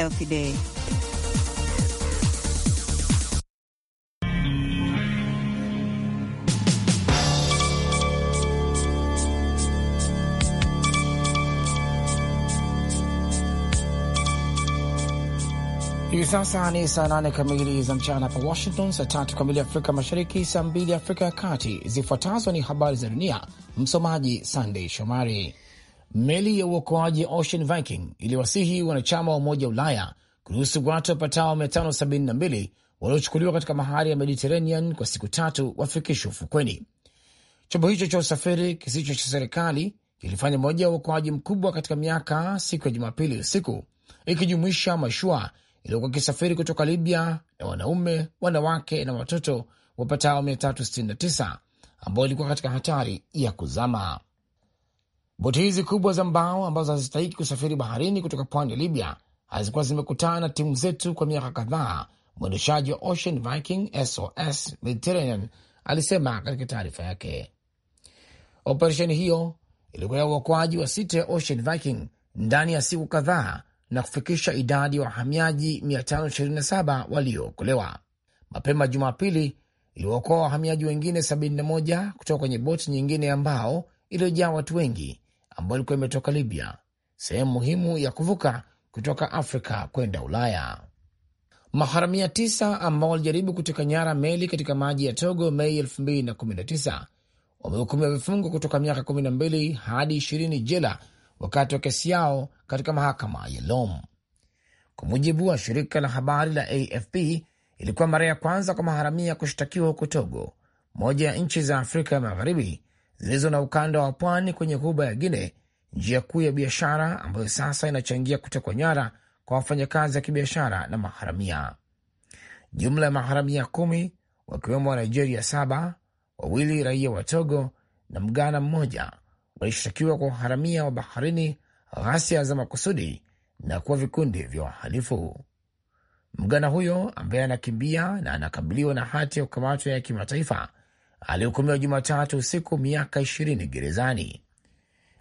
Health Day. Hivi sasa ni saa nane kamili za mchana hapa Washington, saa tatu kamili Afrika Mashariki, saa mbili Afrika ya Kati. Zifuatazo ni habari za dunia, msomaji Sandey Shomari meli ya uokoaji Ocean Viking iliwasihi wanachama wa Umoja wa Ulaya kuruhusu watu wapatao 572 waliochukuliwa katika bahari ya Mediterranean kwa siku tatu wafikishwe ufukweni. Chombo hicho cha usafiri kisicho cha serikali kilifanya moja ya uokoaji mkubwa katika miaka siku ya Jumapili usiku, ikijumuisha mashua iliyokuwa kisafiri kutoka Libya na wanaume, wanawake na watoto wapatao 369 ambao ilikuwa katika hatari ya kuzama. Boti hizi kubwa za mbao ambazo hazistahiki kusafiri baharini kutoka pwani ya Libya hazikuwa zimekutana na timu zetu kwa miaka kadhaa, mwendeshaji wa Ocean Viking SOS Mediterranean alisema katika taarifa yake. Operesheni hiyo ilikuwa ya uokoaji wa sita ya Ocean Viking ndani ya siku kadhaa na kufikisha idadi ya wa wahamiaji 527 waliookolewa. Mapema Jumapili iliwaokoa wahamiaji wengine 71 kutoka kwenye boti nyingine ya mbao iliyojaa watu wengi ambayo ilikuwa imetoka Libya, sehemu muhimu ya kuvuka kutoka Afrika kwenda Ulaya. Maharamia tisa ambao walijaribu kuteka nyara meli katika maji ya Togo Mei 2019 wamehukumiwa vifungo kutoka miaka 12 hadi 20 jela wakati wa kesi yao katika mahakama ya Lom. Kwa mujibu wa shirika la habari la AFP, ilikuwa mara ya kwanza kwa maharamia kushtakiwa huko Togo, moja ya nchi za Afrika ya Magharibi zilizo na ukanda wa pwani kwenye ghuba ya Guine, njia kuu ya biashara ambayo sasa inachangia kutekwa nyara kwa wafanyakazi wa kibiashara na maharamia. Jumla ya maharamia kumi wakiwemo wa Nigeria saba, wawili raia wa Togo na Mgana mmoja walishtakiwa kwa uharamia wa baharini, ghasia za makusudi na kuwa vikundi vya wahalifu. Mgana huyo ambaye anakimbia na anakabiliwa na hati ya kukamatwa ya kimataifa alihukumiwa Jumatatu usiku miaka ishirini gerezani.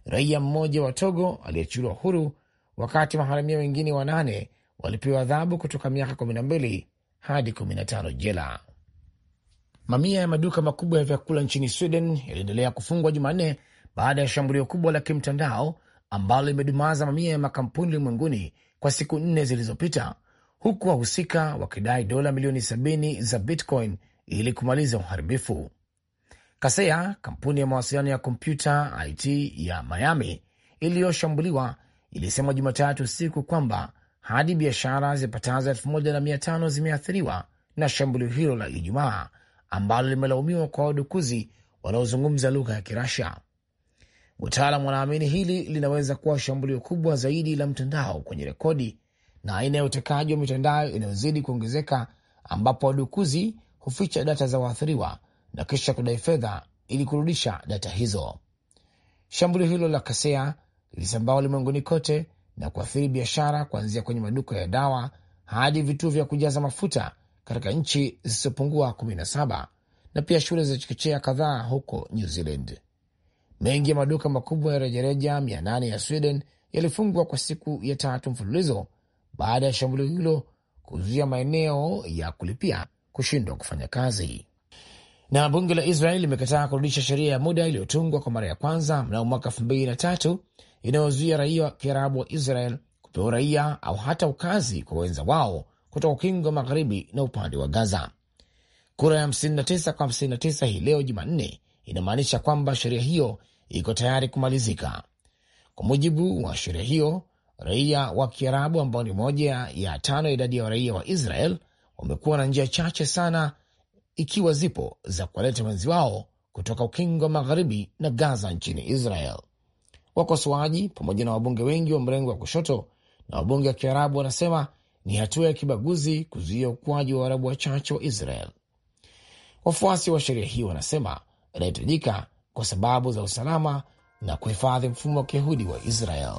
Raia mmoja wa Togo aliyechukuliwa huru, wakati maharamia wengine wanane walipewa adhabu kutoka miaka kumi na mbili hadi kumi na tano jela. Mamia ya maduka makubwa ya vyakula nchini Sweden yaliendelea kufungwa Jumanne baada ya shambulio kubwa la kimtandao ambalo limedumaza mamia ya makampuni ulimwenguni kwa siku nne zilizopita, huku wahusika wakidai dola milioni sabini za Bitcoin ili kumaliza uharibifu. Kaseya, kampuni ya mawasiliano ya kompyuta IT ya Miami iliyoshambuliwa, ilisema Jumatatu usiku kwamba hadi biashara zipatazo elfu moja na mia tano zimeathiriwa na shambulio hilo la Ijumaa ambalo limelaumiwa kwa wadukuzi wanaozungumza lugha ya Kirasia. Wataalam wanaamini hili linaweza kuwa shambulio kubwa zaidi la mtandao kwenye rekodi na aina ya utekaji wa mitandao inayozidi kuongezeka, ambapo wadukuzi huficha data za waathiriwa na kisha kudai fedha ili kurudisha data hizo. Shambulio hilo la Kasea lilisambaa ulimwenguni kote na kuathiri biashara kuanzia kwenye maduka ya dawa hadi vituo vya kujaza mafuta katika nchi zisizopungua 17 na pia shule za chekechea kadhaa huko New Zealand. Mengi ya maduka makubwa ya rejareja 800 ya Sweden yalifungwa kwa siku ya tatu mfululizo baada ya shambulio hilo kuzuia maeneo ya kulipia kushindwa kufanya kazi. Na bunge la Israel limekataa kurudisha sheria ya muda iliyotungwa kwa mara ya kwanza mnamo mwaka elfu mbili na tatu inayozuia raia wa Kiarabu wa Israel kupewa uraia au hata ukazi kwa wenza wao kutoka ukingo wa magharibi na upande wa Gaza. Kura ya 59 kwa 59 hii leo Jumanne inamaanisha kwamba sheria hiyo iko tayari kumalizika. Kwa mujibu wa sheria hiyo, raia wa Kiarabu ambao ni moja ya tano ya idadi ya raia wa Israel wamekuwa na njia chache sana ikiwa zipo za kuwaleta wenzi wao kutoka ukingo wa magharibi na Gaza nchini Israel. Wakosoaji pamoja na wabunge wengi wa mrengo wa kushoto na wabunge wa Kiarabu wanasema ni hatua ya kibaguzi kuzuia ukuaji wa Waarabu wachache wa Israel. Wafuasi wa sheria hii wanasema inahitajika kwa sababu za usalama na kuhifadhi mfumo wa kiyahudi wa Israel.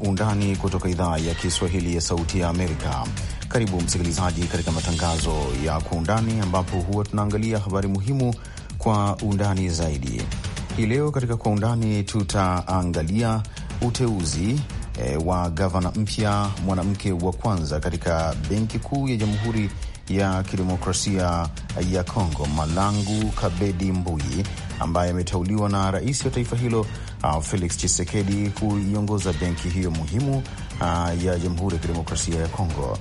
Undani kutoka idhaa ya Kiswahili ya Sauti ya Amerika. Karibu msikilizaji, katika matangazo ya Kwa Undani ambapo huwa tunaangalia habari muhimu kwa undani zaidi. Hii leo katika Kwa Undani tutaangalia uteuzi e, wa gavana mpya mwanamke wa kwanza katika Benki Kuu ya Jamhuri ya Kidemokrasia ya Kongo Malangu Kabedi Mbuyi ambaye ameteuliwa na rais wa taifa hilo uh, Felix Tshisekedi kuiongoza benki hiyo muhimu uh, ya Jamhuri ya Kidemokrasia ya Kongo.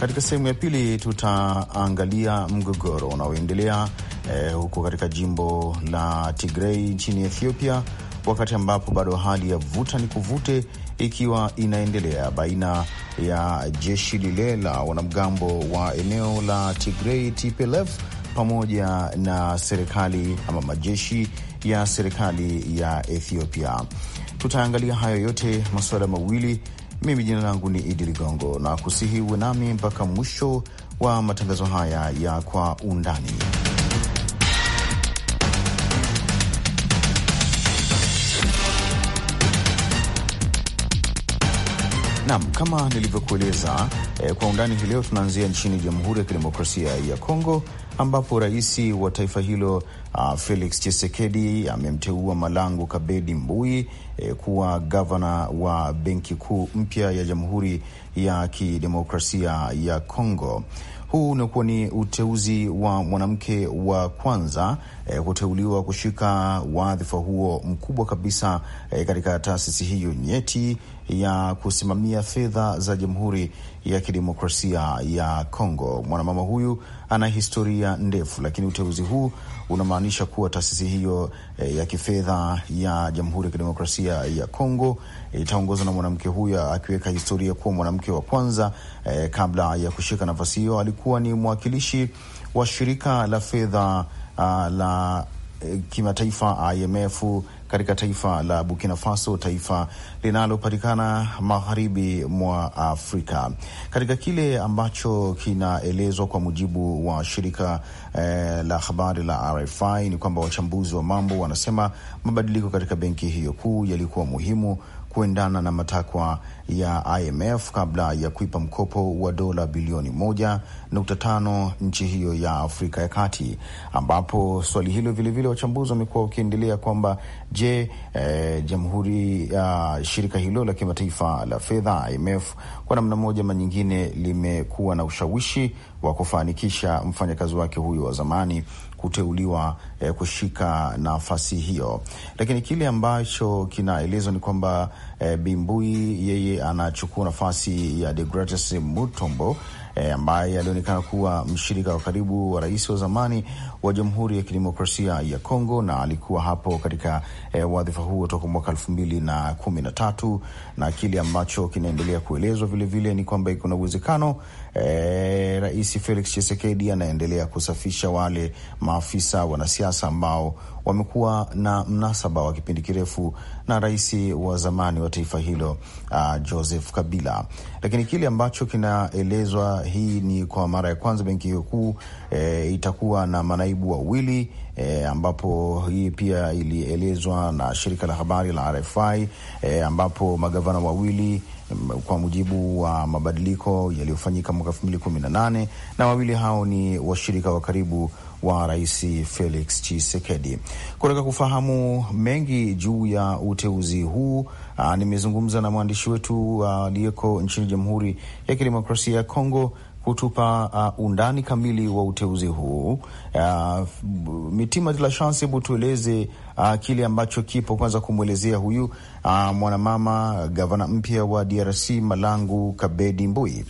Katika sehemu ya pili tutaangalia mgogoro unaoendelea eh, huko katika jimbo la Tigrei nchini Ethiopia, wakati ambapo bado hali ya vuta ni kuvute ikiwa inaendelea baina ya jeshi lile la wanamgambo wa eneo la tigrei TPLF pamoja na serikali ama majeshi ya serikali ya Ethiopia. Tutaangalia hayo yote masuala mawili. Mimi jina langu ni Idi Ligongo na kusihi uwe nami mpaka mwisho wa matangazo haya ya kwa undani. Naam, kama nilivyokueleza eh, kwa undani hii leo tunaanzia nchini Jamhuri ya Kidemokrasia ya Kongo ambapo rais wa taifa hilo uh, Felix Tshisekedi amemteua Malangu Kabedi Mbui eh, kuwa gavana wa Benki Kuu mpya ya Jamhuri ya Kidemokrasia ya Kongo. Huu unakuwa ni uteuzi wa mwanamke wa kwanza eh, kuteuliwa kushika wadhifa huo mkubwa kabisa eh, katika taasisi hiyo nyeti ya kusimamia fedha za Jamhuri ya Kidemokrasia ya Kongo. Mwanamama huyu ana historia ndefu, lakini uteuzi huu unamaanisha kuwa taasisi hiyo eh, ya kifedha ya Jamhuri ya Kidemokrasia ya Kongo eh, itaongozwa eh, na mwanamke huyo akiweka historia kuwa mwanamke wa kwanza. Eh, kabla ya kushika nafasi hiyo alikuwa ni mwakilishi wa shirika la fedha uh, la eh, kimataifa IMF katika taifa la Burkina Faso, taifa linalopatikana magharibi mwa Afrika, katika kile ambacho kinaelezwa kwa mujibu wa shirika eh, la habari la RFI ni kwamba wachambuzi wa mambo wanasema mabadiliko katika benki hiyo kuu yalikuwa muhimu kuendana na matakwa ya IMF kabla ya kuipa mkopo wa dola bilioni moja nukta tano nchi hiyo ya Afrika ya Kati, ambapo swali hilo vilevile wachambuzi wamekuwa wakiendelea kwamba je, eh, jamhuri ya uh, shirika hilo la kimataifa la fedha IMF kwa namna moja ama nyingine limekuwa na ushawishi wa kufanikisha mfanyakazi wake huyo wa zamani kuteuliwa eh, kushika nafasi hiyo, lakini kile ambacho kinaelezwa ni kwamba eh, Bimbui yeye anachukua nafasi ya Deogratias Mutombo eh, ambaye alionekana kuwa mshirika wa karibu wa rais wa zamani wa Jamhuri ya Kidemokrasia ya Kongo, na alikuwa hapo katika e, wadhifa huo toka mwaka elfu mbili na kumi na tatu na kile ambacho kinaendelea kuelezwa vilevile ni kwamba kuna uwezekano e, Rais Felix Chisekedi anaendelea kusafisha wale maafisa wanasiasa ambao wamekuwa na mnasaba wa kipindi kirefu na rais wa zamani wa taifa hilo uh, Joseph Kabila. Lakini kile ambacho kinaelezwa, hii ni kwa mara ya kwanza benki hiyo kuu eh, itakuwa na maana manaibu wawili e, ambapo hii pia ilielezwa na shirika la habari la RFI e, ambapo magavana wawili kwa mujibu wa mabadiliko yaliyofanyika mwaka elfu mbili kumi na nane na wawili hao ni washirika wa karibu wa Rais Felix chisekedi Kutaka kufahamu mengi juu ya uteuzi huu, nimezungumza na mwandishi wetu aliyeko nchini Jamhuri ya Kidemokrasia ya Kongo kutupa uh, undani kamili wa uteuzi huu uh, Mitima de la Chance, hebu tueleze uh, kile ambacho kipo, kwanza kumwelezea huyu uh, mwanamama gavana mpya wa DRC Malangu Kabedi Mbui.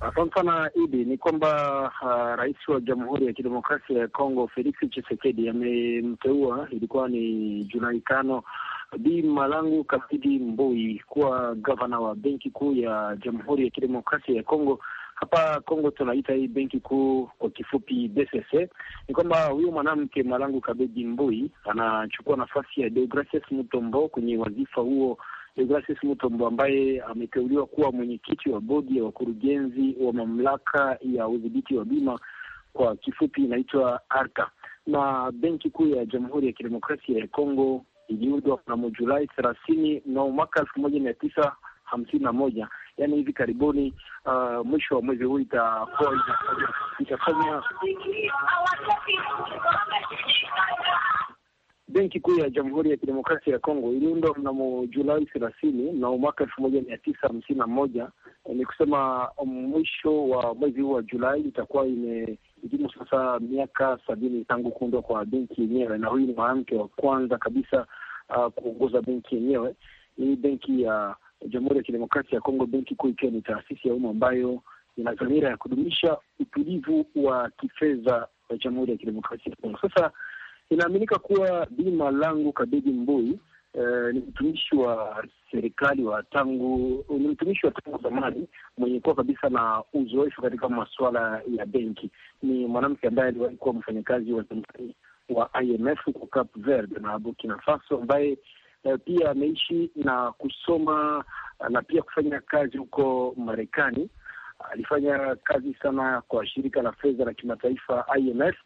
Asante sana Idi. Ni kwamba uh, rais wa Jamhuri ya Kidemokrasia ya Kongo Felix Tshisekedi amemteua, ilikuwa ni Julai tano, Bi Malangu Kabidi Mbui kuwa gavana wa Benki Kuu ya Jamhuri ya Kidemokrasia ya Kongo hapa Kongo tunaita hii benki kuu kwa kifupi BCC. Ni kwamba huyu mwanamke Malangu Kabedi Mbui anachukua nafasi ya Deogracias Mutombo kwenye wadhifa huo. Deogracias Mutombo ambaye ameteuliwa kuwa mwenyekiti wa bodi ya wakurugenzi wa mamlaka ya udhibiti wa bima, kwa kifupi inaitwa ARCA, na benki kuu ya Jamhuri ya Kidemokrasia ya Kongo iliundwa mnamo Julai thelathini mnamo mwaka elfu moja mia tisa hamsini na moja yani hivi karibuni, uh, mwisho wa mwezi huu itakuwa itafanya Benki Kuu ya Jamhuri ya Kidemokrasia ya Kongo iliundwa mnamo Julai thelathini na mwaka elfu moja mia tisa hamsini na moja. Eh, ni kusema um, mwisho wa mwezi huu wa Julai itakuwa imehitimu sasa miaka sabini tangu kuundwa kwa benki yenyewe, na huyu ni mwanamke wa kwanza kabisa uh, kuongoza benki yenyewe. Hii benki ya Jamhuri ya Kidemokrasia ya Kongo, benki kuu ikiwa ni taasisi ya umma ambayo ina dhamira ya kudumisha utulivu wa kifedha wa Jamhuri ya Kidemokrasia ya Kongo. Sasa inaaminika kuwa bima langu Kabedi Mbui Uh, ni mtumishi wa serikali wa tangu ni mtumishi wa tangu zamani mwenye kuwa kabisa na uzoefu katika masuala ya benki. Ni mwanamke ambaye aliwahi kuwa mfanyakazi wa zamani wa IMF kwa Cape Verde na Burkina Faso, ambaye Eh, pia ameishi na kusoma eh, na pia kufanya kazi huko Marekani. Alifanya kazi sana kwa shirika la fedha la kimataifa IMF,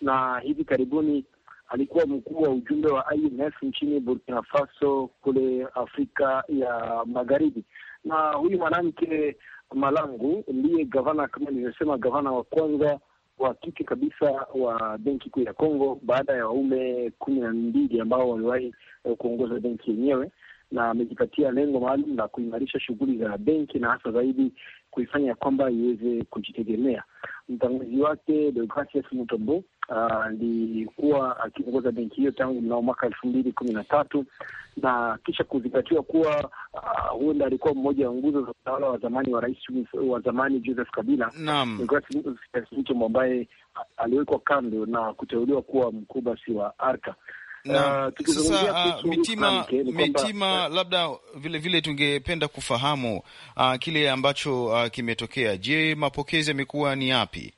na hivi karibuni alikuwa mkuu wa ujumbe wa IMF nchini Burkina Faso kule Afrika ya Magharibi. Na huyu mwanamke Malangu ndiye gavana, kama nilivyosema, gavana wa kwanza wa kike kabisa wa benki kuu ya Kongo baada ya waume kumi na mbili ambao waliwahi eh, kuongoza benki yenyewe, na amejipatia lengo maalum la kuimarisha shughuli za benki na hasa zaidi kuifanya kwamba iweze kujitegemea. Mtangulizi wake Deogratias Mutombo Ah, alikuwa uh, akiongoza benki hiyo tangu mnao mwaka elfu mbili kumi na tatu na kisha kuzingatiwa kuwa uh, huenda alikuwa mmoja wa nguzo za utawala wa zamani wa rais wa zamani Joseph Kabila Simitom, ambaye aliwekwa kando na kuteuliwa kuwa mkuu basi wa Arka. Na, uh, ah, sasa uh, mitima, eh, mitima eh, labda vile vile tungependa kufahamu uh, kile ambacho uh, kimetokea. Je, mapokezi yamekuwa ni yapi?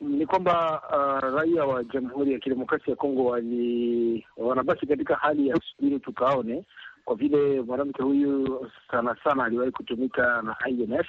ni kwamba uh, raia wa Jamhuri ya Kidemokrasia ya Kongo wali wanabaki katika hali ya kusubiri tukaone, kwa vile mwanamke huyu sana sana aliwahi kutumika na IMF,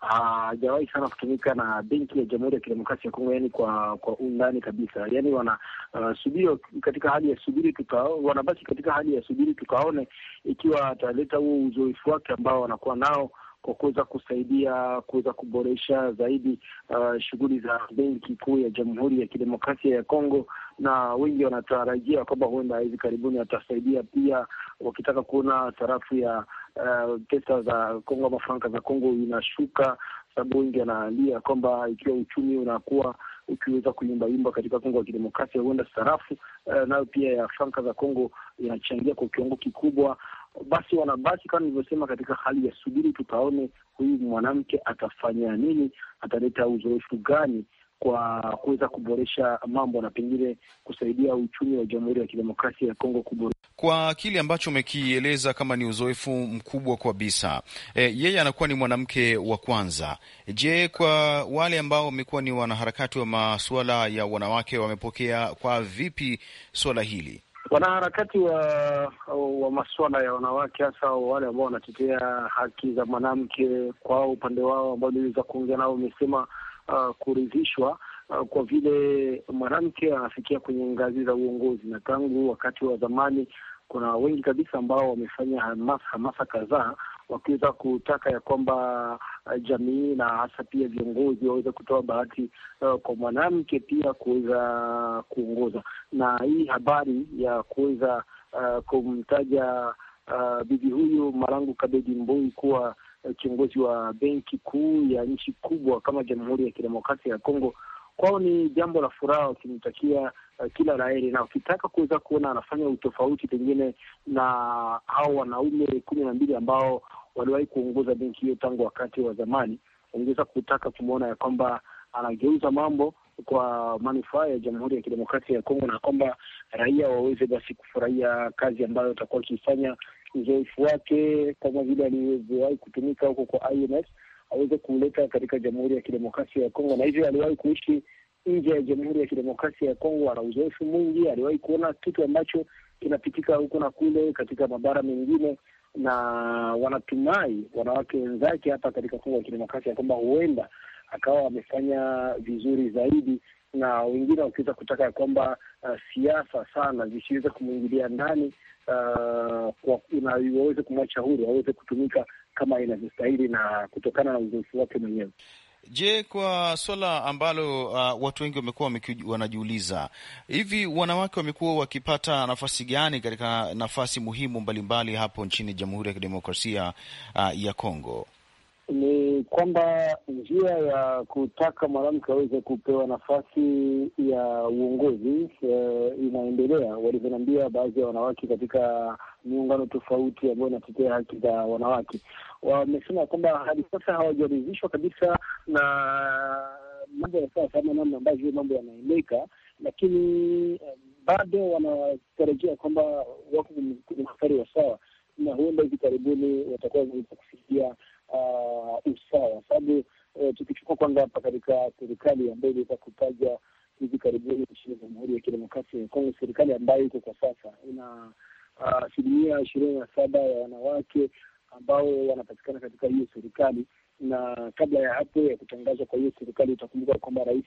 hajawahi uh, sana kutumika na benki ya Jamhuri ya Kidemokrasia ya Kongo, yani kwa kwa undani kabisa, yani wana uh, subiri katika hali ya subiri tuka, wanabaki katika hali ya subiri tukaone ikiwa ataleta huo uzoefu wake ambao wanakuwa nao kwa kuweza kusaidia kuweza kuboresha zaidi uh, shughuli za benki kuu ya Jamhuri ya Kidemokrasia ya Kongo, na wengi wanatarajia kwamba huenda hivi karibuni watasaidia pia, wakitaka kuona sarafu ya uh, pesa za Kongo ama franka za Kongo inashuka, sababu wengi wanalia kwamba ikiwa uchumi unakuwa ukiweza kuyumbayumba katika Kongo ya Kidemokrasia, huenda sarafu uh, nayo pia ya franka za Kongo inachangia kwa kiwango kikubwa basi wanabaki kama nilivyosema, katika hali ya subiri, tutaone huyu mwanamke atafanya nini, ataleta uzoefu gani kwa kuweza kuboresha mambo na pengine kusaidia uchumi wa Jamhuri ya Kidemokrasia ya Kongo kuboresha kwa kile ambacho umekieleza kama ni uzoefu mkubwa kabisa. E, yeye anakuwa ni mwanamke wa kwanza. Je, kwa wale ambao wamekuwa ni wanaharakati wa masuala ya wanawake wamepokea kwa vipi suala hili? Wanaharakati wa wa masuala ya wanawake, hasa wale ambao wanatetea haki za mwanamke, kwa upande wao ambao niliweza kuongea nao, wamesema uh, kuridhishwa uh, kwa vile mwanamke anafikia kwenye ngazi za uongozi, na tangu wakati wa zamani kuna wengi kabisa ambao wamefanya hamasa, hamasa kadhaa wakiweza kutaka ya kwamba eh, jamii na hasa pia viongozi waweze kutoa bahati uh, kwa mwanamke pia kuweza kuongoza, na hii habari ya kuweza uh, kumtaja uh, bibi huyu Marangu Kabedi Mbui kuwa kiongozi wa benki kuu ya nchi kubwa kama Jamhuri ya Kidemokrasia ya Kongo kwao ni jambo la furaha, wakimtakia uh, kila laheri, na ukitaka kuweza kuona anafanya utofauti pengine na hao wanaume kumi na mbili ambao waliwahi kuongoza benki hiyo tangu wakati wa zamani, ungeweza kutaka kumwona ya kwamba anageuza mambo kwa manufaa ya Jamhuri ya Kidemokrasia ya Kongo na kwamba raia waweze basi kufurahia kazi ambayo atakuwa akifanya, uzoefu wake kama vile alivyowahi kutumika huko kwa IMF aweze kuleta katika Jamhuri ya Kidemokrasia ya Kongo, na hivyo aliwahi kuishi nje ya Jamhuri ya Kidemokrasia ya Kongo, ana uzoefu mwingi, aliwahi kuona kitu ambacho kinapitika huko na kule katika mabara mengine, na wanatumai wanawake wenzake hapa katika Kongo ya Kidemokrasia kwamba huenda akawa wamefanya vizuri zaidi, na wengine wakiweza kutaka ya kwamba uh, siasa sana zisiweze kumwingilia ndani uh, waweze kumwacha huru aweze kutumika kama inavyostahili na kutokana na uzoefu wake mwenyewe. Je, kwa swala ambalo uh, watu wengi wamekuwa wanajiuliza hivi, wanawake wamekuwa wakipata nafasi gani katika nafasi muhimu mbalimbali mbali hapo nchini Jamhuri ya Kidemokrasia uh, ya Kongo? Ni kwamba njia ya kutaka mwanamke aweze kupewa nafasi ya uongozi uh, inaendelea walivyoniambia baadhi ya wanawake katika miungano tofauti ambayo inatetea haki za wanawake wamesema kwamba hadi sasa hawajaridhishwa kabisa na mambo sasa ama namna ambavyo mambo yanaendeka, lakini um, bado wanatarajia kwamba wako kwenye mstari wa sawa na huenda hivi karibuni watakuwa wanaweza kufikia uh, usawa, sababu uh, tukichukua kwanza hapa katika serikali ambayo iliweza kutaja hivi karibuni nchini Jamhuri ya Kidemokrasia ya Kongo, serikali ambayo iko kwa sasa ina uh, asilimia uh, ishirini na saba ya wanawake ambao wanapatikana katika hiyo serikali. Na kabla ya hapo ya kutangazwa kwa hiyo serikali, utakumbuka kwamba rais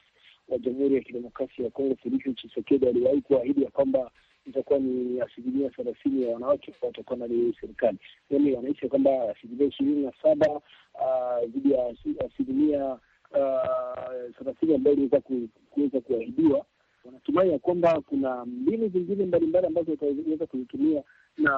wa Jamhuri ya Kidemokrasia ya Kongo Felix Tshisekedi aliwahi kuahidi ya kwamba itakuwa ni asilimia thelathini ya wanawake watakuwa ndani hiyo serikali, yaani wanaisha kwamba asilimia ishirini na saba dhidi ah, ya asilimia ah, thelathini ambayo iliweza kuweza kuahidiwa. Wanatumai ya kwamba kuna mbinu zingine mbalimbali ambazo wataweza kuzitumia na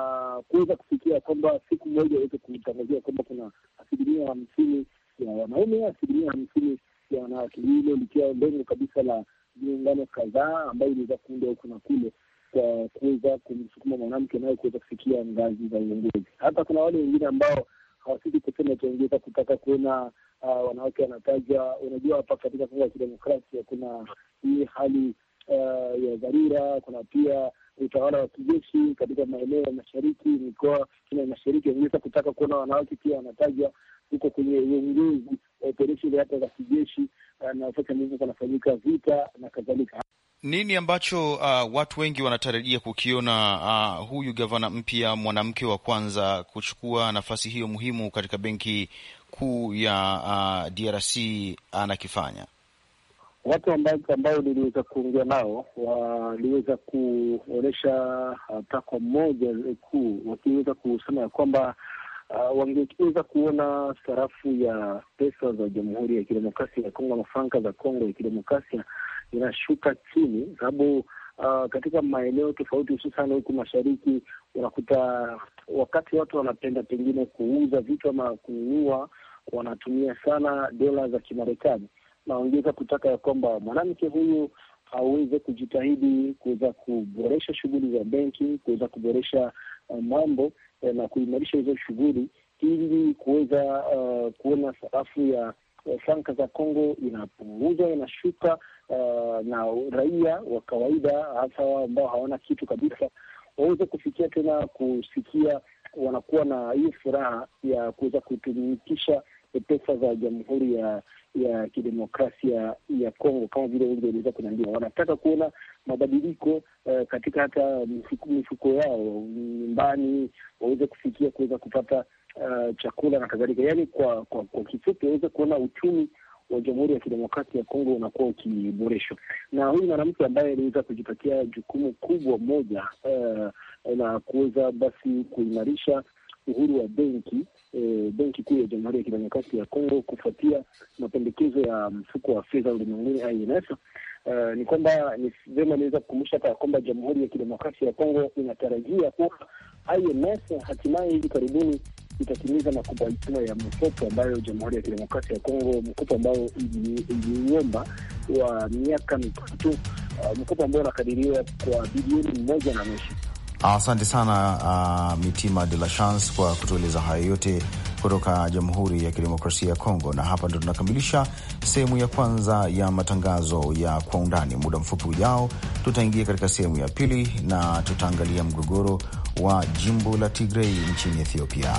kuweza kufikia kwamba siku moja iweze kutangazia kwamba kuna asilimia hamsini ya wanaume, asilimia hamsini ya wanawake, hilo likiwa lengo kabisa la miungano kadhaa ambayo iliweza kuunda huku na kule kwa kuweza kumsukuma mwanamke naye kuweza kufikia ngazi za uongozi. Hata kuna wale wengine ambao hawasiki kusema tuongeza kutaka kuona uh, wanawake wanataja. Unajua, hapa katika Kongo ya Kidemokrasia kuna hii hali uh, ya dharura, kuna pia utawala wa kijeshi katika maeneo ya mashariki, mikoa ya mashariki wameweza kutaka kuona wanawake pia wanatajwa huko kwenye uongozi wa operesheni hata za kijeshi na wakati ambapo panafanyika vita na kadhalika. Nini ambacho uh, watu wengi wanatarajia kukiona uh, huyu gavana mpya mwanamke wa kwanza kuchukua nafasi hiyo muhimu katika benki kuu ya uh, DRC anakifanya? watu ambao niliweza kuongea nao waliweza kuonyesha uh, takwa moja kuu, wakiweza kusema ya kwamba uh, wangeweza kuona sarafu ya pesa za Jamhuri ya Kidemokrasia ya Kongo ama franka za Kongo ya Kidemokrasia inashuka chini, sababu uh, katika maeneo tofauti hususani huku mashariki unakuta wakati watu wanapenda pengine kuuza vitu ama kununua, wanatumia sana dola za Kimarekani naongeza kutaka ya kwamba mwanamke huyu aweze kujitahidi kuweza kuboresha shughuli za benki, kuweza kuboresha eh, mambo eh, na kuimarisha hizo shughuli ili kuweza uh, kuona sarafu ya franka za Kongo inapunguzwa inashuka, uh, na raia wa kawaida hasa wao ambao hawana kitu kabisa waweze kufikia tena kusikia wanakuwa na hii furaha ya kuweza kutumikisha pesa za Jamhuri ya ya Kidemokrasia ya Kongo, kama vile wengi waliweza kuniambia, wanataka kuona mabadiliko uh, katika hata mifuko yao nyumbani, waweze kufikia kuweza kupata uh, chakula na kadhalika. Yaani kwa kwa, kwa kifupi, waweze kuona uchumi wa Jamhuri ya Kidemokrasia ya Kongo unakuwa ukiboreshwa. Na huyu mwanamke ambaye aliweza kujipatia jukumu kubwa moja uh, na kuweza basi kuimarisha uhuru wa benki e, benki kuu ya Jamhuri ya Kidemokrasia ya Kongo kufuatia mapendekezo ya mfuko wa fedha ulimwenguni IMF. Uh, eh, ni kwamba ni vyema niweza kukumbusha hapa kwamba Jamhuri ya Kidemokrasia ya Kongo inatarajia kuwa IMF hatimaye hivi karibuni itatimiza makubaliano ya mkopo ambayo Jamhuri ya Kidemokrasia ya Kongo, mkopo ambao iliomba wa miaka mitatu, uh, eh, mkopo ambao unakadiriwa kwa bilioni moja na nusu. Asante sana uh, Mitima de la Chance kwa kutueleza hayo yote kutoka Jamhuri ya Kidemokrasia ya Kongo. Na hapa ndo tunakamilisha sehemu ya kwanza ya matangazo ya Kwa Undani. Muda mfupi ujao, tutaingia katika sehemu ya pili na tutaangalia mgogoro wa jimbo la Tigrei nchini Ethiopia.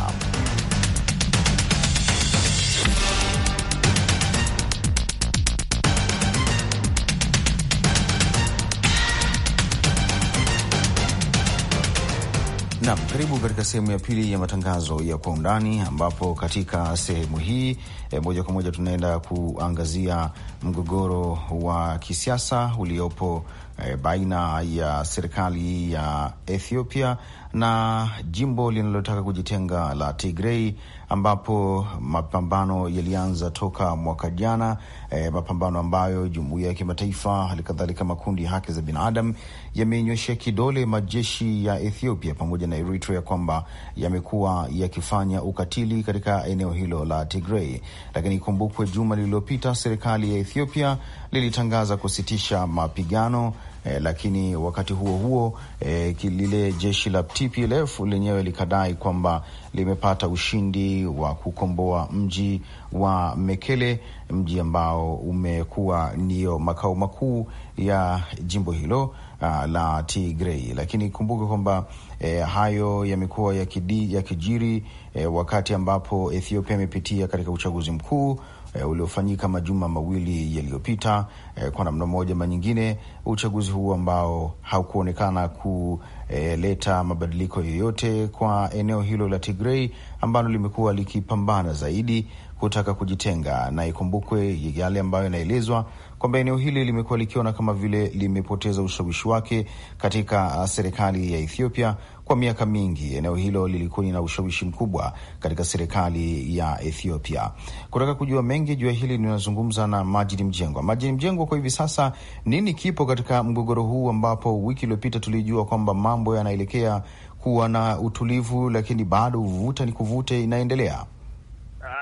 Nam, karibu katika sehemu ya pili ya matangazo ya kwa undani, ambapo katika sehemu hii e, moja kwa moja tunaenda kuangazia mgogoro wa kisiasa uliopo e, baina ya serikali ya Ethiopia na jimbo linalotaka kujitenga la Tigrei ambapo mapambano yalianza toka mwaka jana e, mapambano ambayo jumuiya ya kimataifa halikadhalika makundi ya haki za binadamu yameinyoshea kidole majeshi ya Ethiopia pamoja na Eritrea kwamba yamekuwa yakifanya ukatili katika eneo hilo la Tigrei. Lakini ikumbukwe, juma lililopita serikali ya Ethiopia lilitangaza kusitisha mapigano eh, lakini wakati huo huo eh, lile jeshi la TPLF lenyewe likadai kwamba limepata ushindi wa kukomboa mji wa Mekele, mji ambao umekuwa ndiyo makao makuu ya jimbo hilo uh, la Tigray. Lakini kumbuka kwamba eh, hayo yamekuwa yakijiri ya eh, wakati ambapo Ethiopia imepitia katika uchaguzi mkuu e, uliofanyika majuma mawili yaliyopita. E, kwa namna moja ma nyingine, uchaguzi huu ambao haukuonekana kuleta e, mabadiliko yoyote kwa eneo hilo la tigrei ambalo limekuwa likipambana zaidi kutaka kujitenga, na ikumbukwe yale ambayo yanaelezwa kwamba eneo hili limekuwa likiona kama vile limepoteza ushawishi wake katika uh, serikali ya Ethiopia kwa miaka mingi. Eneo hilo lilikuwa lina ushawishi mkubwa katika serikali ya Ethiopia. Kutaka kujua mengi juu ya hili, ninazungumza na Majid Mjengwa. Majid Mjengwa, kwa hivi sasa nini kipo katika mgogoro huu, ambapo wiki iliyopita tulijua kwamba mambo yanaelekea kuwa na utulivu, lakini bado vuta ni kuvute inaendelea?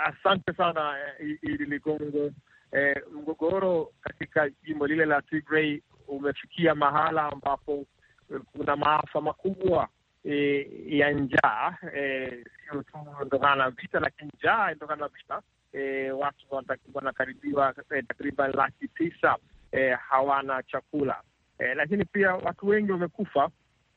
Asante sana. Eh, ili ligongo eh, mgogoro katika jimbo lile la Tigray umefikia mahala ambapo eh, kuna maafa makubwa e, ya njaa, eh, sio tu ndokana na vita, lakini njaa ndokana na vita e, watu wanakaribiwa eh, takriban laki tisa e, hawana chakula e, lakini pia watu wengi wamekufa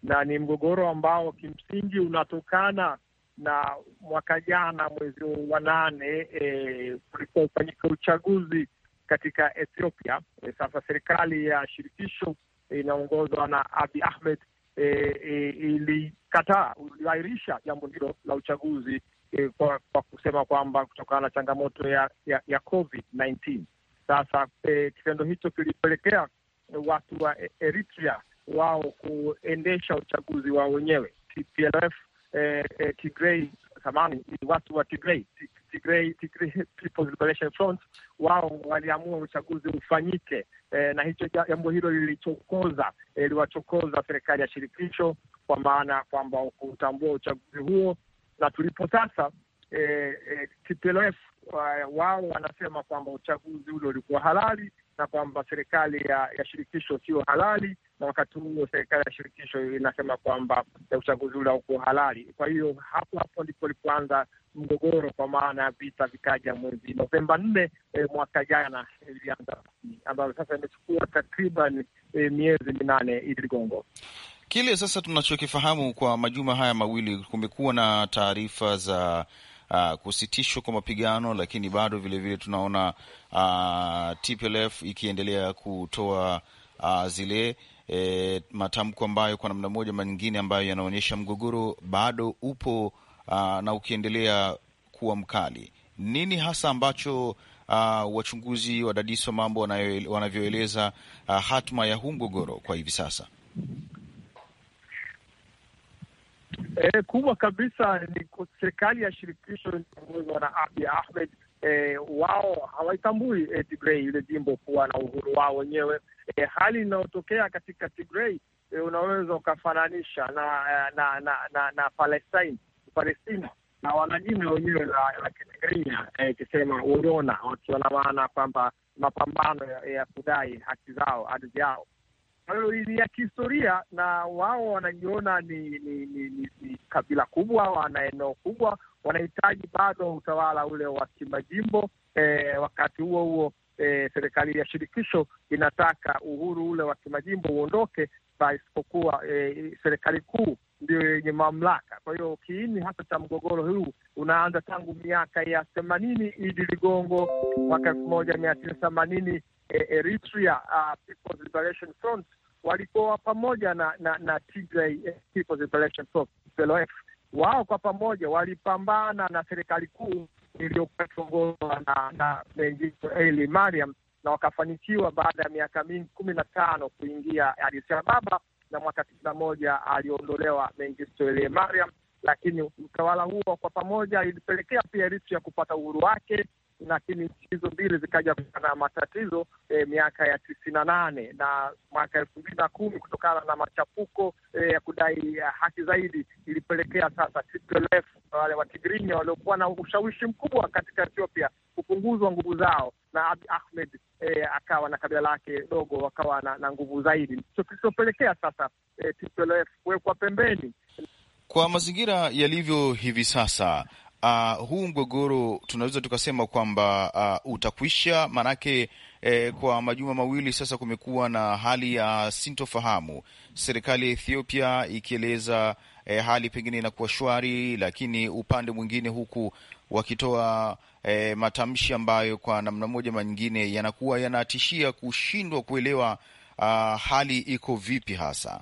na ni mgogoro ambao kimsingi unatokana na mwaka jana mwezi wa nane e, ufanyika uchaguzi katika Ethiopia. E, sasa serikali ya shirikisho inaongozwa na Abi Ahmed e, e, ilikataa, iliahirisha jambo hilo la uchaguzi e, kwa, kwa kusema kwamba kutokana na changamoto ya, ya, ya Covid 19. Sasa e, kitendo hicho kilipelekea watu wa Eritrea wao kuendesha uchaguzi wao wenyewe TPLF eh, eh, Tigray ni watu wa Tigray, Tigray, People's Liberation Front, wao waliamua uchaguzi ufanyike eh, na hicho jambo hilo lilichokoza eh, iliwachokoza serikali ya shirikisho kwa maana ya kwamba kutambua uchaguzi huo, na tulipo sasa eh, eh, TPLF eh, wao wanasema kwamba uchaguzi ule ulikuwa halali na kwamba serikali ya, ya shirikisho sio halali na wakati huo serikali ya shirikisho inasema kwamba uchaguzi ule haukuwa halali. Kwa hiyo hapo hapo ndipo ilipoanza mgogoro, kwa maana ya vita vikaja mwezi Novemba nne e, mwaka jana ilianza rasmi, ambayo sasa imechukua takriban e, miezi minane ili ligongo kile sasa tunachokifahamu kwa majuma haya mawili, kumekuwa na taarifa za uh, kusitishwa kwa mapigano, lakini bado vilevile vile tunaona uh, TPLF ikiendelea kutoa uh, zile e, matamko ambayo kwa namna moja manyingine ambayo yanaonyesha mgogoro bado upo a, na ukiendelea kuwa mkali. Nini hasa ambacho a, wachunguzi wadadisi wa mambo wanavyoeleza hatma ya huu mgogoro kwa hivi sasa? E, kubwa kabisa ni serikali ya shirikisho inaongozwa na Abiy Ahmed eh, wao hawaitambui eh, Tigray ile jimbo kuwa na uhuru wao wenyewe. Eh, hali inayotokea katika tigrei eh, unaweza ukafananisha na eh, na na na, na Palestine Palestina na wanajina wenyewe la Kitigrinya eh, ikisema e, Uniona wakiwa na maana kwamba mapambano ya kudai haki zao, ardhi yao kwa hiyo ni ya kihistoria na wao wanajiona ni ni, ni, ni ni kabila kubwa, wana eneo kubwa, wanahitaji bado utawala ule wa kimajimbo eh, wakati huo huo E, serikali ya shirikisho inataka uhuru ule wa kimajimbo uondoke, isipokuwa e, serikali kuu ndio yenye mamlaka. Kwa hiyo kiini hasa cha mgogoro huu unaanza tangu miaka ya themanini. Idi Ligongo, mwaka elfu moja mia tisa themanini E- Eritrea uh, People's Liberation Front walikuwa pamoja na na, na Tigray eh, People's Liberation Front PLF. Wao kwa pamoja walipambana na serikali kuu iliyokuwa ikiongozwa na, na Mengistu Haile Mariam na wakafanikiwa baada ya miaka mingi kumi na tano kuingia Addis Ababa, na mwaka tisini na moja aliondolewa Mengistu Haile Mariam, lakini utawala huo kwa pamoja ilipelekea pia Eritrea kupata uhuru wake lakini nchi hizo mbili zikaja na matatizo e, miaka ya tisini na nane na mwaka elfu mbili na kumi kutokana na machafuko e, ya kudai haki zaidi ilipelekea sasa TPLF wale Watigrinya waliokuwa na ushawishi mkubwa katika Ethiopia kupunguzwa nguvu zao na Abi Ahmed e, akawa na kabila lake dogo wakawa na, na nguvu zaidi, so, kilichopelekea sasa e, TPLF kuwekwa pembeni. Kwa mazingira yalivyo hivi sasa, uh, huu mgogoro tunaweza tukasema kwamba uh, utakwisha? Maanake eh, kwa majuma mawili sasa kumekuwa na hali ya sintofahamu, serikali ya Ethiopia ikieleza eh, hali pengine inakuwa shwari, lakini upande mwingine huku wakitoa E, matamshi ambayo kwa namna moja ama nyingine yanakuwa yanatishia kushindwa kuelewa uh, hali iko vipi hasa.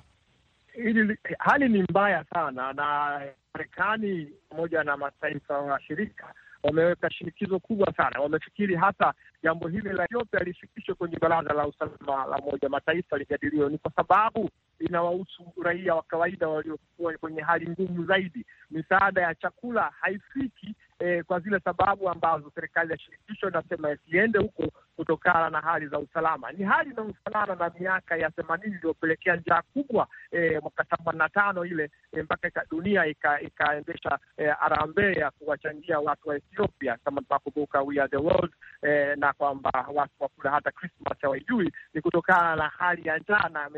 hali ni mbaya sana na Marekani pamoja na mataifa washirika wameweka shinikizo kubwa sana. Wamefikiri hata jambo hili la Ethiopia lifikishwe kwenye Baraza la Usalama la Umoja Mataifa lijadiliwe, ni kwa sababu inawahusu raia wa kawaida waliokuwa kwenye hali ngumu zaidi. Misaada ya chakula haifiki eh, kwa zile sababu ambazo serikali ya shirikisho inasema isiende huko kutokana na hali za usalama. Ni hali inayofanana na miaka ya themanini iliyopelekea njaa kubwa eh, mwaka themanini na tano ile eh, mpaka dunia ikaendesha eh, harambee ya kuwachangia watu wa Ethiopia kama tunakumbuka We Are The World eh, na kwamba watu wakula hata Krismas hawaijui ni kutokana na hali ya njaa na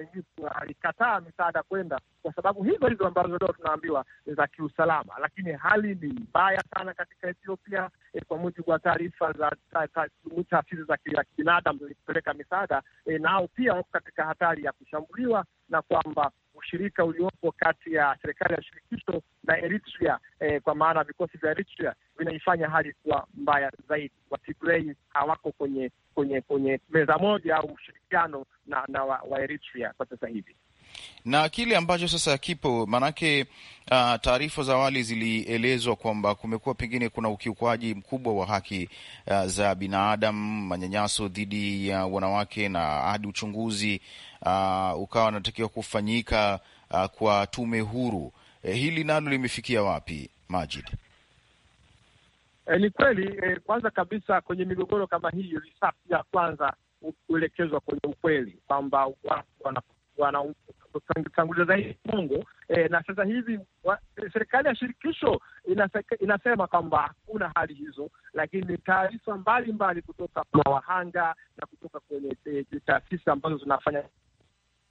kukataa misaada kwenda, kwa sababu hizo hizo ambazo leo tunaambiwa za kiusalama. Lakini hali ni mbaya sana katika Ethiopia. E, kwa mujibu wa taarifa za taasisi za kibinadamu zilizopeleka misaada, e, nao pia wako katika hatari ya kushambuliwa na kwamba ushirika uliopo kati ya serikali ya shirikisho na Eritrea eh, kwa maana vikosi vya Eritrea vinaifanya hali kuwa mbaya zaidi. Watigrei hawako kwenye kwenye kwenye meza moja au ushirikiano na, na wa, wa Eritrea kwa sasa hivi na kile ambacho sasa kipo maanake, uh, ah, taarifa za awali zilielezwa kwamba kumekuwa pengine kuna ukiukwaji mkubwa wa haki uh, za binadamu, manyanyaso dhidi ya uh, wanawake na hadi uchunguzi uh, ukawa anatakiwa kufanyika uh, kwa tume huru. Eh, hili nalo limefikia wapi Majid? Eh, ni kweli eh, kwanza kabisa kwenye migogoro kama hii, risasi ya kwanza huelekezwa kwenye ukweli kwamba watu wanatanguliza zaidi Mungu e, na sasa hivi serikali ya shirikisho inasema kwamba hakuna hali hizo, lakini taarifa mbalimbali kutoka kwa wahanga na kutoka kwenye e, taasisi ambazo zinafanya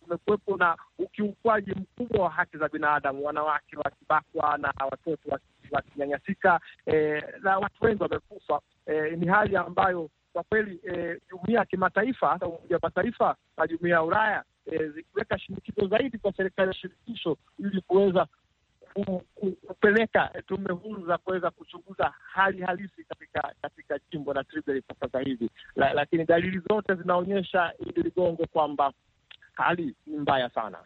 kumekuwepo na ukiukwaji mkubwa wa haki za binadamu, wanawake wakibakwa na watoto wakinyanyasika, e, na watu wengi wamekufa. E, ni hali ambayo kwa kweli jumuia e, ya kimataifa hata Umoja wa Mataifa na jumuia ya Ulaya Eh, zikiweka shinikizo zaidi kwa serikali ya shirikisho ili kuweza kupeleka tume huru za kuweza kuchunguza hali halisi katika katika jimbo la Triberi kwa sasa hivi. La, lakini dalili zote zinaonyesha ili Ligongo kwamba hali ni mbaya sana.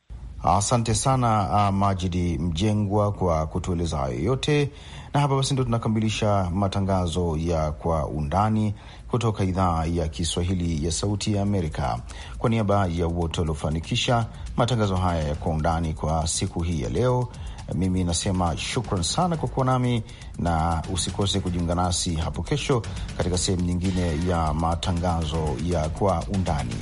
Asante sana uh, ah, Majidi Mjengwa kwa kutueleza hayo yote, na hapa basi ndo tunakamilisha matangazo ya kwa undani kutoka idhaa ya Kiswahili ya Sauti ya Amerika. Kwa niaba ya wote waliofanikisha matangazo haya ya Kwa Undani kwa siku hii ya leo, mimi nasema shukran sana kwa kuwa nami, na usikose kujiunga nasi hapo kesho katika sehemu nyingine ya matangazo ya Kwa Undani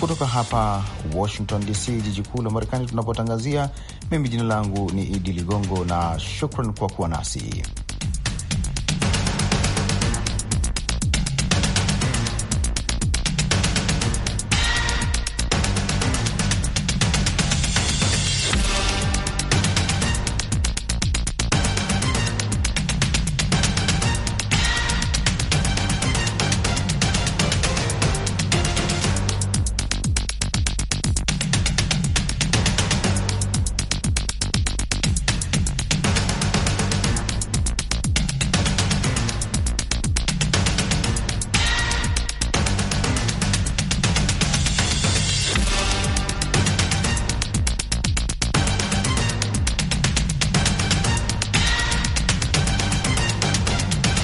kutoka hapa Washington DC, jiji kuu la Marekani tunapotangazia. Mimi jina langu ni Idi Ligongo, na shukran kwa kuwa nasi.